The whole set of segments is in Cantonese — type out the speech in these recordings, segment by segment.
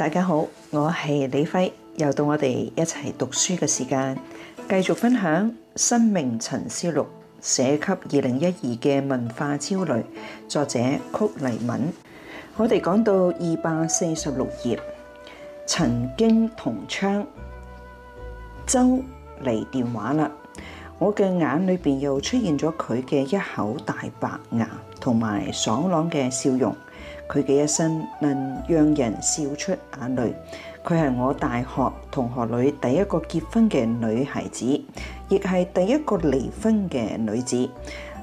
大家好，我係李輝，又到我哋一齊讀書嘅時間，繼續分享《生命沉思錄寫給二零一二嘅文化焦慮》，作者曲黎敏。我哋講到二百四十六頁，曾經同窗周嚟電話啦，我嘅眼裏邊又出現咗佢嘅一口大白牙同埋爽朗嘅笑容。佢嘅一生能讓人笑出眼淚。佢係我大學同學裏第一個結婚嘅女孩子，亦係第一個離婚嘅女子。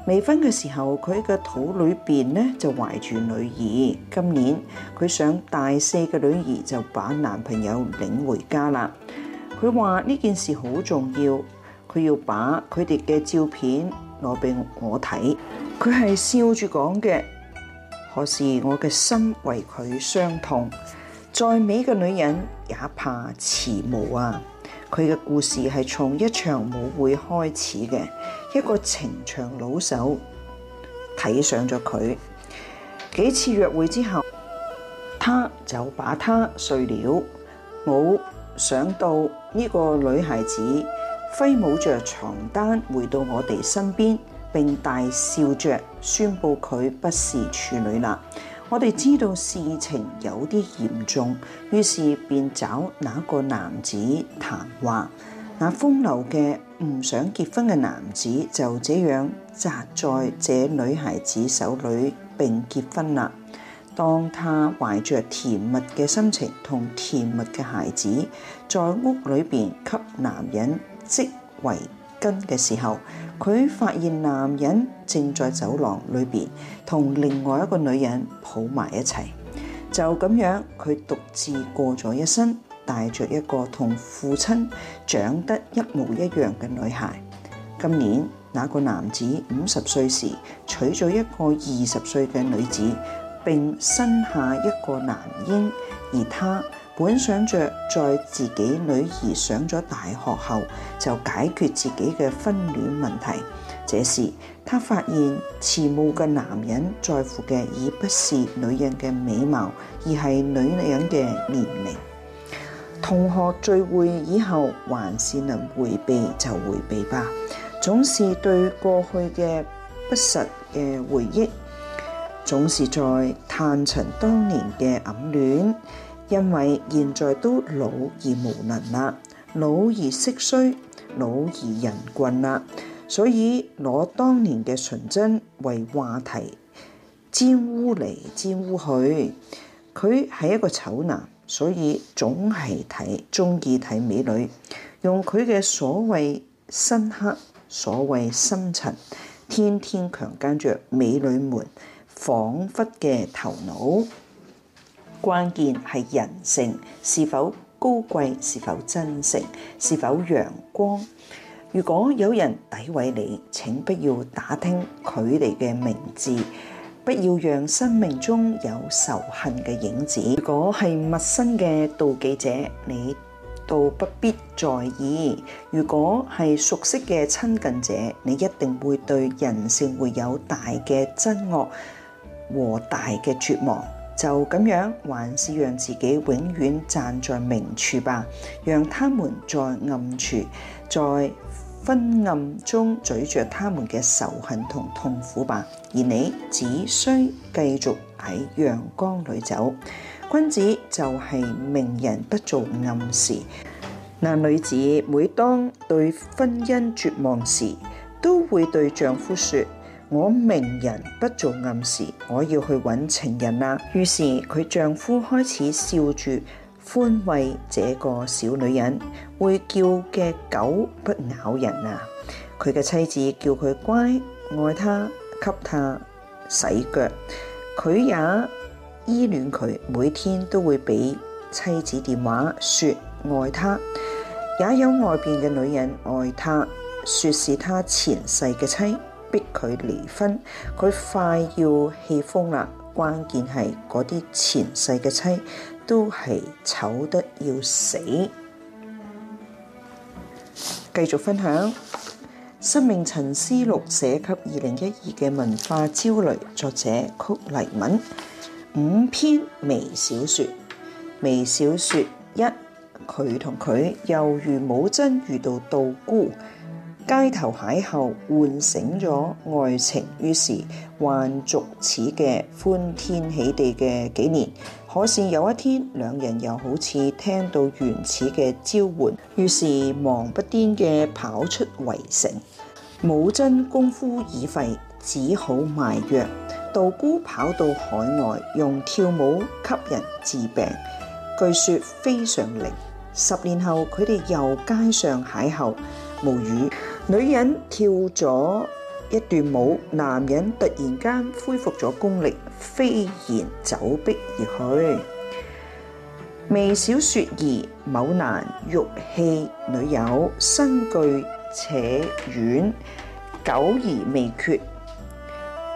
離婚嘅時候，佢嘅肚裏邊呢就懷住女兒。今年佢上大四嘅女兒就把男朋友領回家啦。佢話呢件事好重要，佢要把佢哋嘅照片攞俾我睇。佢係笑住講嘅。可是我嘅心為佢傷痛，再美嘅女人也怕遲暮啊！佢嘅故事係從一場舞會開始嘅，一個情場老手睇上咗佢，幾次約會之後，他就把她睡了。冇想到呢個女孩子揮舞着床單回到我哋身邊，並大笑着。宣布佢不是處女啦！我哋知道事情有啲嚴重，於是便找那個男子談話。那風流嘅唔想結婚嘅男子就這樣扎在這女孩子手裏，並結婚啦。當他懷着甜蜜嘅心情同甜蜜嘅孩子，在屋裏邊給男人織圍巾嘅時候。佢發現男人正在走廊裏邊同另外一個女人抱埋一齊，就咁樣佢獨自過咗一生，帶着一個同父親長得一模一樣嘅女孩。今年那個男子五十歲時娶咗一個二十歲嘅女子，並生下一個男嬰，而他，本想着在自己女兒上咗大學後就解決自己嘅婚戀問題，這時她發現遲暮嘅男人在乎嘅已不是女人嘅美貌，而係女人嘅年齡。同學聚會以後，還是能回避就回避吧。總是對過去嘅不實嘅回憶，總是在探尋當年嘅暗戀。.因為現在都老而無能啦，老而色衰，老而人棍啦，所以攞當年嘅純真為話題，沾污嚟沾污去，佢係一個醜男，所以總係睇中意睇美女，用佢嘅所謂深刻、所謂深層，天天強奸着美女們，彷彿嘅頭腦。關鍵係人性是否高貴，是否真誠，是否陽光。如果有人詆毀你，請不要打聽佢哋嘅名字，不要讓生命中有仇恨嘅影子。如果係陌生嘅妒忌者，你倒不必在意；如果係熟悉嘅親近者，你一定會對人性會有大嘅憎惡和大嘅絕望。就咁樣，還是讓自己永遠站在明處吧，讓他們在暗處，在昏暗中咀嚼他們嘅仇恨同痛苦吧。而你只需繼續喺陽光裏走。君子就係明人，不做暗事。那女子每當對婚姻絕望時，都會對丈夫說。我明人不做暗事，我要去揾情人啦。於是佢丈夫開始笑住，寬慰這個小女人，會叫嘅狗不咬人啊。佢嘅妻子叫佢乖，愛他，給他洗腳，佢也依戀佢。每天都會俾妻子電話，說愛他。也有外邊嘅女人愛他，說是他前世嘅妻。逼佢離婚，佢快要氣瘋啦！關鍵係嗰啲前世嘅妻都係醜得要死。繼續分享《生命陳思錄》寫給二零一二嘅文化焦慮，作者曲黎敏五篇微小說。微小說一，佢同佢猶如武僧遇到道姑。.街頭邂逅喚醒咗愛情，於是還俗，此嘅歡天喜地嘅幾年。可是有一天，兩人又好似聽到原始嘅召喚，於是忙不癲嘅跑出圍城。武真功夫已廢，只好賣藥。道姑跑到海外，用跳舞給人治病，據說非常靈。十年後，佢哋又街上邂逅，無語。女人跳咗一段舞，男人突然間恢復咗功力，飛然走壁而去。微小雪兒某男欲棄女友，身具且軟，久而未決。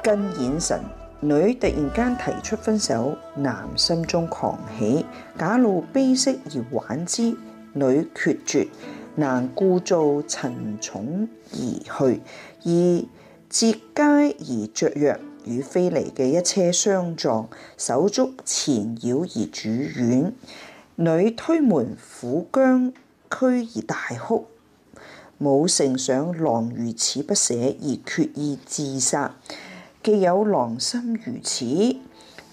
更眼神女突然間提出分手，男心中狂喜，假露悲色而挽之，女決絕。難故造沉重而去，而捷街而著藥與飛離嘅一車相撞，手足纏繞而住院。女推門苦僵屈而大哭，母承想狼如此不捨而決意自殺。既有狼心如此，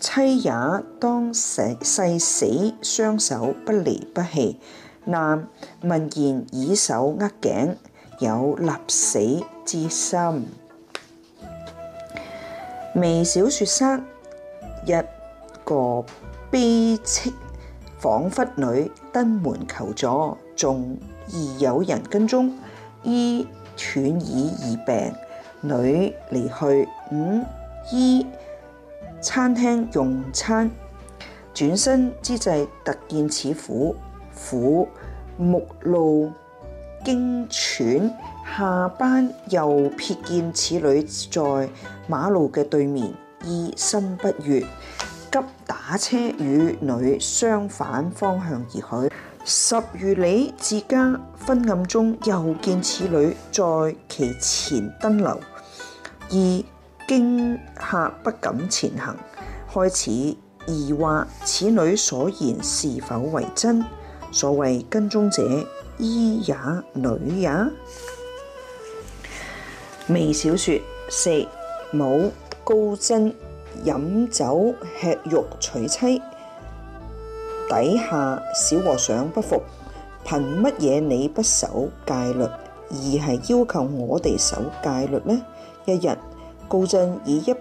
妻也當世世死誓死雙手不離不棄。男聞言以手握頸，有立死之心。微小雪山，一個悲戚彷彿女登門求助，仲疑有人跟蹤。醫斷已而病，女離去。五、嗯、醫餐廳用餐，轉身之際突見此婦。苦目露驚喘，下班又瞥見此女在馬路嘅對面，意身不悅，急打車與女相反方向而去。十餘里至家，昏暗中又見此女在其前登樓，而驚嚇不敢前行，開始疑惑此女所言是否為真。所謂跟蹤者，衣也女也。微小説四，武高僧飲酒吃肉娶妻，底下小和尚不服，憑乜嘢你不守戒律，而係要求我哋守戒律呢？一日高僧以一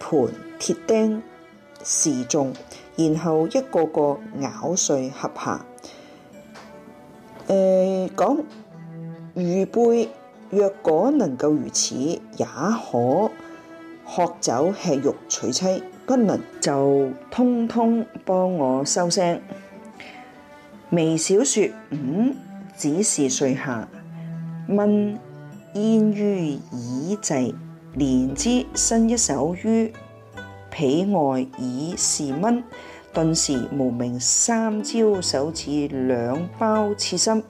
盤鐵釘示眾，然後一個個咬碎合下。誒講預備，呃、若果能夠如此，也可喝酒吃肉娶妻，不能就通通幫我收聲。微小説五，只是睡下，蚊淹於耳際，蓮枝伸一手於被外，已是蚊。頓時無名三招手指兩包刺身，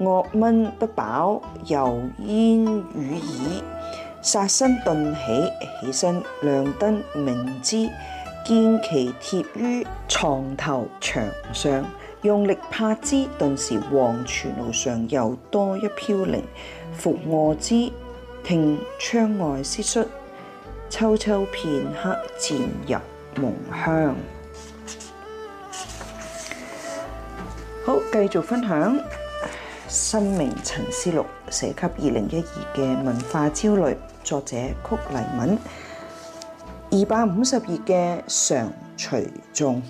餓蚊不飽，油煙雨耳，殺身頓起，起身亮燈，明知見其貼於床頭牆上，用力拍之，頓時黃泉路上又多一飄零。伏臥之，聽窗外蟋蟀，秋秋片刻，漸入夢鄉。好，繼續分享《生命沉思錄》，寫給二零一二嘅文化焦慮，作者曲黎敏，二百五十二嘅常隨中，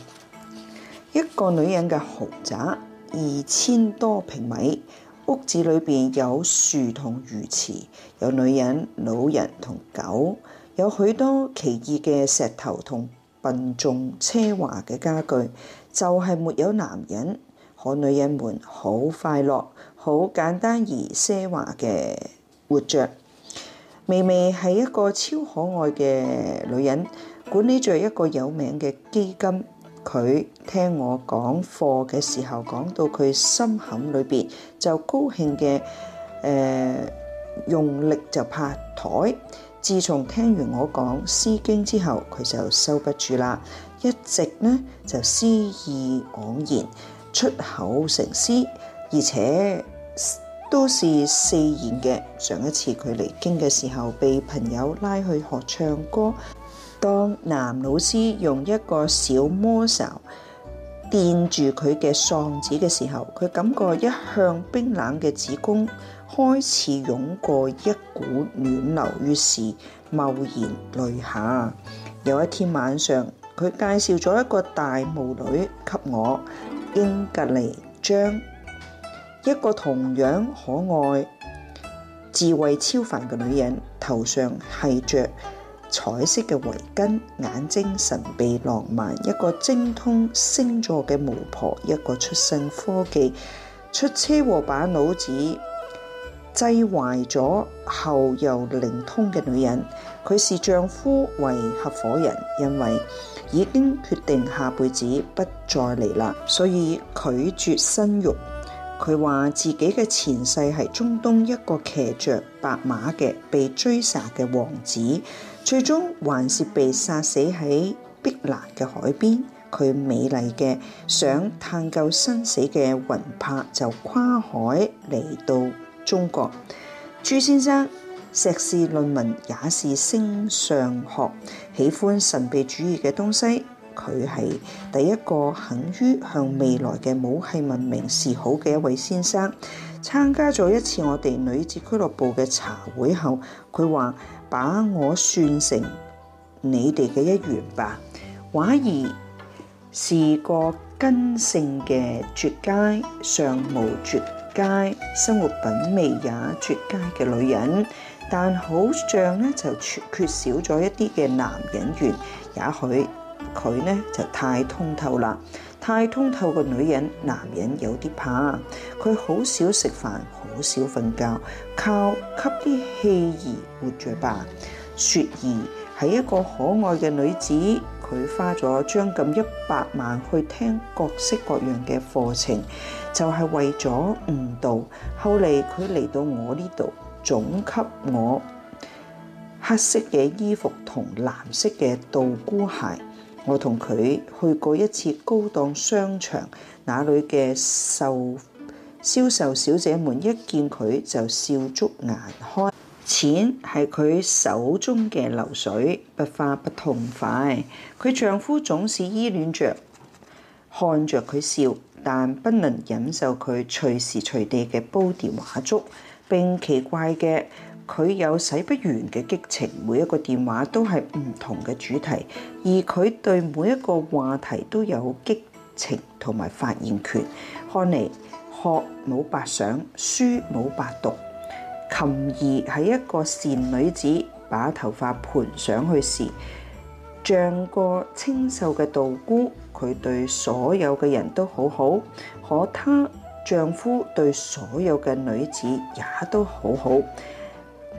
一個女人嘅豪宅，二千多平米屋子裏邊有樹同魚池，有女人、老人同狗，有許多奇異嘅石頭同笨重奢華嘅家具，就係、是、沒有男人。我女人們好快樂，好簡單而奢華嘅活著。微微係一個超可愛嘅女人，管理著一個有名嘅基金。佢聽我講課嘅時候，講到佢心坎裏邊，就高興嘅誒用力就拍台。自從聽完我講《詩經》之後，佢就收不住啦，一直呢就詩意盎然。出口成詩，而且都是四言嘅。上一次佢嚟京嘅時候，被朋友拉去學唱歌。當男老師用一個小魔勺墊住佢嘅嗓子嘅時候，佢感覺一向冰冷嘅子宮開始湧過一股暖流於，於是冒然淚下。有一天晚上，佢介紹咗一個大巫女給我。英格尼將一個同樣可愛智慧超凡嘅女人，頭上繫着彩色嘅圍巾，眼睛神秘浪漫，一個精通星座嘅巫婆，一個出身科技、出車禍把腦子。制懷咗後又靈通嘅女人，佢視丈夫為合夥人，因為已經決定下輩子不再嚟啦，所以拒絕生育。佢話自己嘅前世係中東一個騎着白馬嘅被追殺嘅王子，最終還是被殺死喺碧藍嘅海邊。佢美麗嘅想探究生死嘅魂魄就跨海嚟到。中國朱先生碩士論文也是星象學，喜歡神秘主義嘅東西。佢係第一個肯於向未來嘅母系文明示好嘅一位先生。參加咗一次我哋女子俱樂部嘅茶會後，佢話：把我算成你哋嘅一員吧。畫兒是個根性嘅絕佳尚無絕。佳生活品味也絕佳嘅女人，但好像咧就缺少咗一啲嘅男人緣。也許佢呢就太通透啦，太通透嘅女人，男人有啲怕。佢好少食飯，好少瞓覺，靠吸啲氣而活着吧。雪兒係一個可愛嘅女子。佢花咗將近一百萬去聽各式各樣嘅課程，就係、是、為咗悟道。後嚟佢嚟到我呢度，總給我黑色嘅衣服同藍色嘅道姑鞋。我同佢去過一次高檔商場，那裏嘅售銷售小姐們一見佢就笑逐顏開。錢係佢手中嘅流水，不花不痛快。佢丈夫總是依戀着，看著佢笑，但不能忍受佢隨時隨地嘅煲電話粥。並奇怪嘅，佢有使不完嘅激情，每一個電話都係唔同嘅主題，而佢對每一個話題都有激情同埋發言權。看嚟，學冇白想，書冇白讀。琴兒係一個善女子，把頭髮盤上去時，像個清秀嘅道姑。佢對所有嘅人都好好，可她丈夫對所有嘅女子也都好好，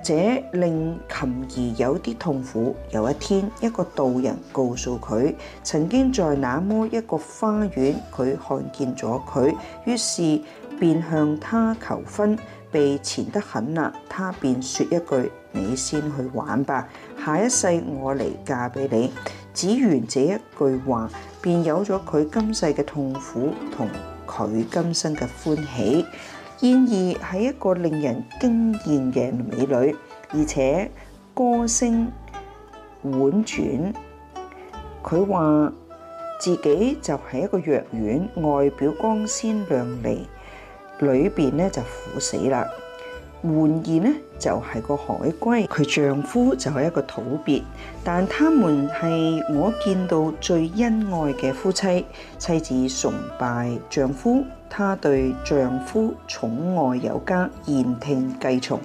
這令琴兒有啲痛苦。有一天，一個道人告訴佢，曾經在那麼一個花園，佢看見咗佢，於是便向她求婚。被纏得很啦，他便說一句：你先去玩吧，下一世我嚟嫁俾你。只緣這一句話，便有咗佢今世嘅痛苦同佢今生嘅歡喜。燕兒係一個令人驚艷嘅美女，而且歌聲婉轉。佢話自己就係一個藥丸，外表光鮮亮麗。裏邊咧就苦死啦，換言咧就係個海龜，佢丈夫就係一個土鱉，但他們係我見到最恩愛嘅夫妻。妻子崇拜丈夫，她對丈夫寵愛有加，言聽計從。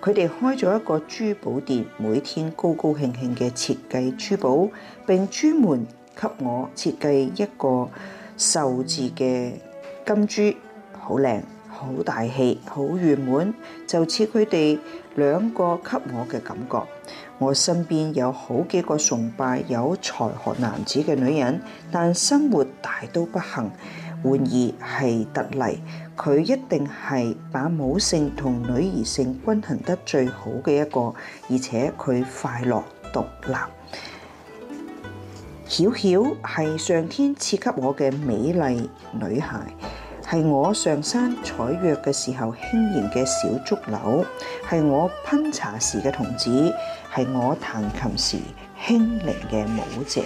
佢哋開咗一個珠寶店，每天高高興興嘅設計珠寶，並專門給我設計一個壽字嘅金珠，好靚。好大氣，好圓滿，就似佢哋兩個給我嘅感覺。我身邊有好幾個崇拜有才學男子嘅女人，但生活大都不幸。婉兒係特例，佢一定係把母性同女兒性均衡得最好嘅一個，而且佢快樂獨立。曉曉係上天賜給我嘅美麗女孩。係我上山採藥嘅時候輕盈嘅小竹柳，係我烹茶時嘅童子，係我彈琴時輕靈嘅舞者。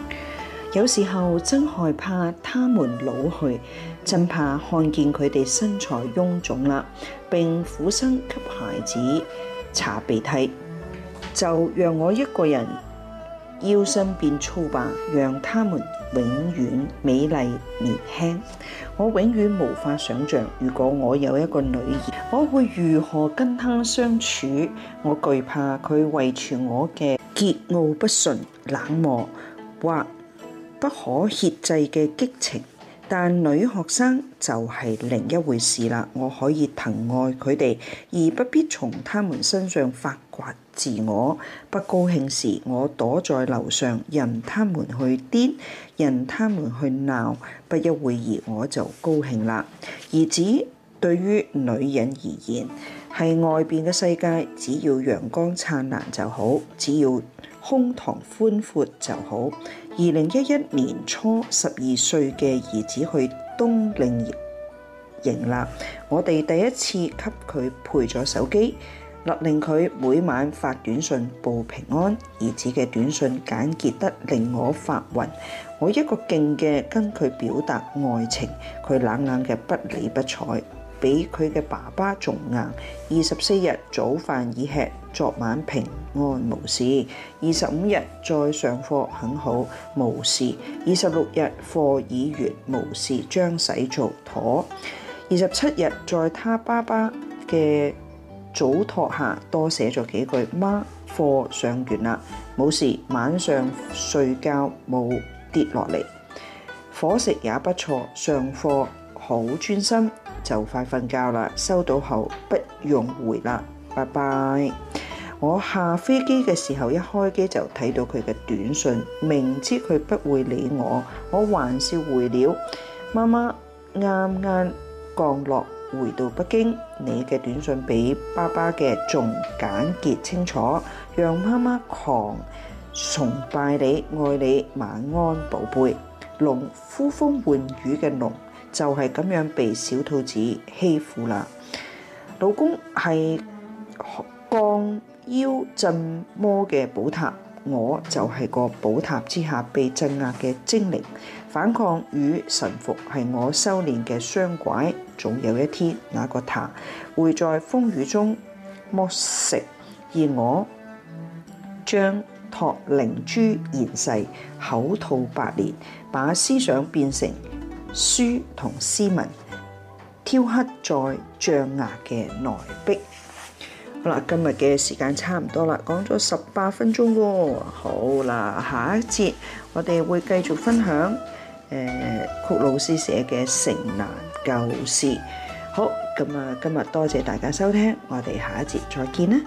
有時候真害怕他們老去，真怕看見佢哋身材臃腫啦，並俯身給孩子擦鼻涕，就讓我一個人腰身變粗吧，讓他們，永遠美麗年輕，我永遠無法想像，如果我有一個女兒，我會如何跟她相處？我懼怕佢遺傳我嘅桀驁不馴、冷漠或不可遏制嘅激情。但女學生就係另一回事啦，我可以疼愛佢哋，而不必從他們身上發。掛自我不高興時，我躲在樓上，任他們去癲，任他們去鬧，不一會兒我就高興啦。兒子對於女人而言，係外邊嘅世界，只要陽光燦爛就好，只要胸膛寬闊就好。二零一一年初，十二歲嘅兒子去冬令營啦，我哋第一次給佢配咗手機。勒令佢每晚發短信報平安，兒子嘅短信簡潔得令我發暈。我一個勁嘅跟佢表達愛情，佢冷冷嘅不理不睬，比佢嘅爸爸仲硬。二十四日早飯已吃，昨晚平安無事。二十五日再上課，很好，無事。二十六日課已完，無事將洗做妥。二十七日在他爸爸嘅。早托下多寫咗幾句。媽，課上完啦，冇事，晚上睡覺冇跌落嚟，伙食也不錯，上課好專心，就快瞓覺啦。收到後不用回啦，拜拜。我下飛機嘅時候一開機就睇到佢嘅短信，明知佢不會理我，我還是回了。媽媽啱啱降落。回到北京，你嘅短信比爸爸嘅仲簡潔清楚，讓媽媽狂崇拜你、愛你。晚安，寶貝。龍呼風喚雨嘅龍就係咁樣被小兔子欺負啦。老公係降妖鎮魔嘅寶塔，我就係個寶塔之下被鎮壓嘅精靈，反抗與臣服係我修煉嘅雙拐。總有一天，那個塔會在風雨中剝蝕，而我將托靈珠延世，口吐白蓮，把思想變成書同詩文，雕刻在象牙嘅內壁。好啦，今日嘅時間差唔多啦，講咗十八分鐘喎。好啦，下一節我哋會繼續分享誒曲、呃、老師寫嘅《城南》。舊事，好咁啊！今日多謝大家收聽，我哋下一節再見啦。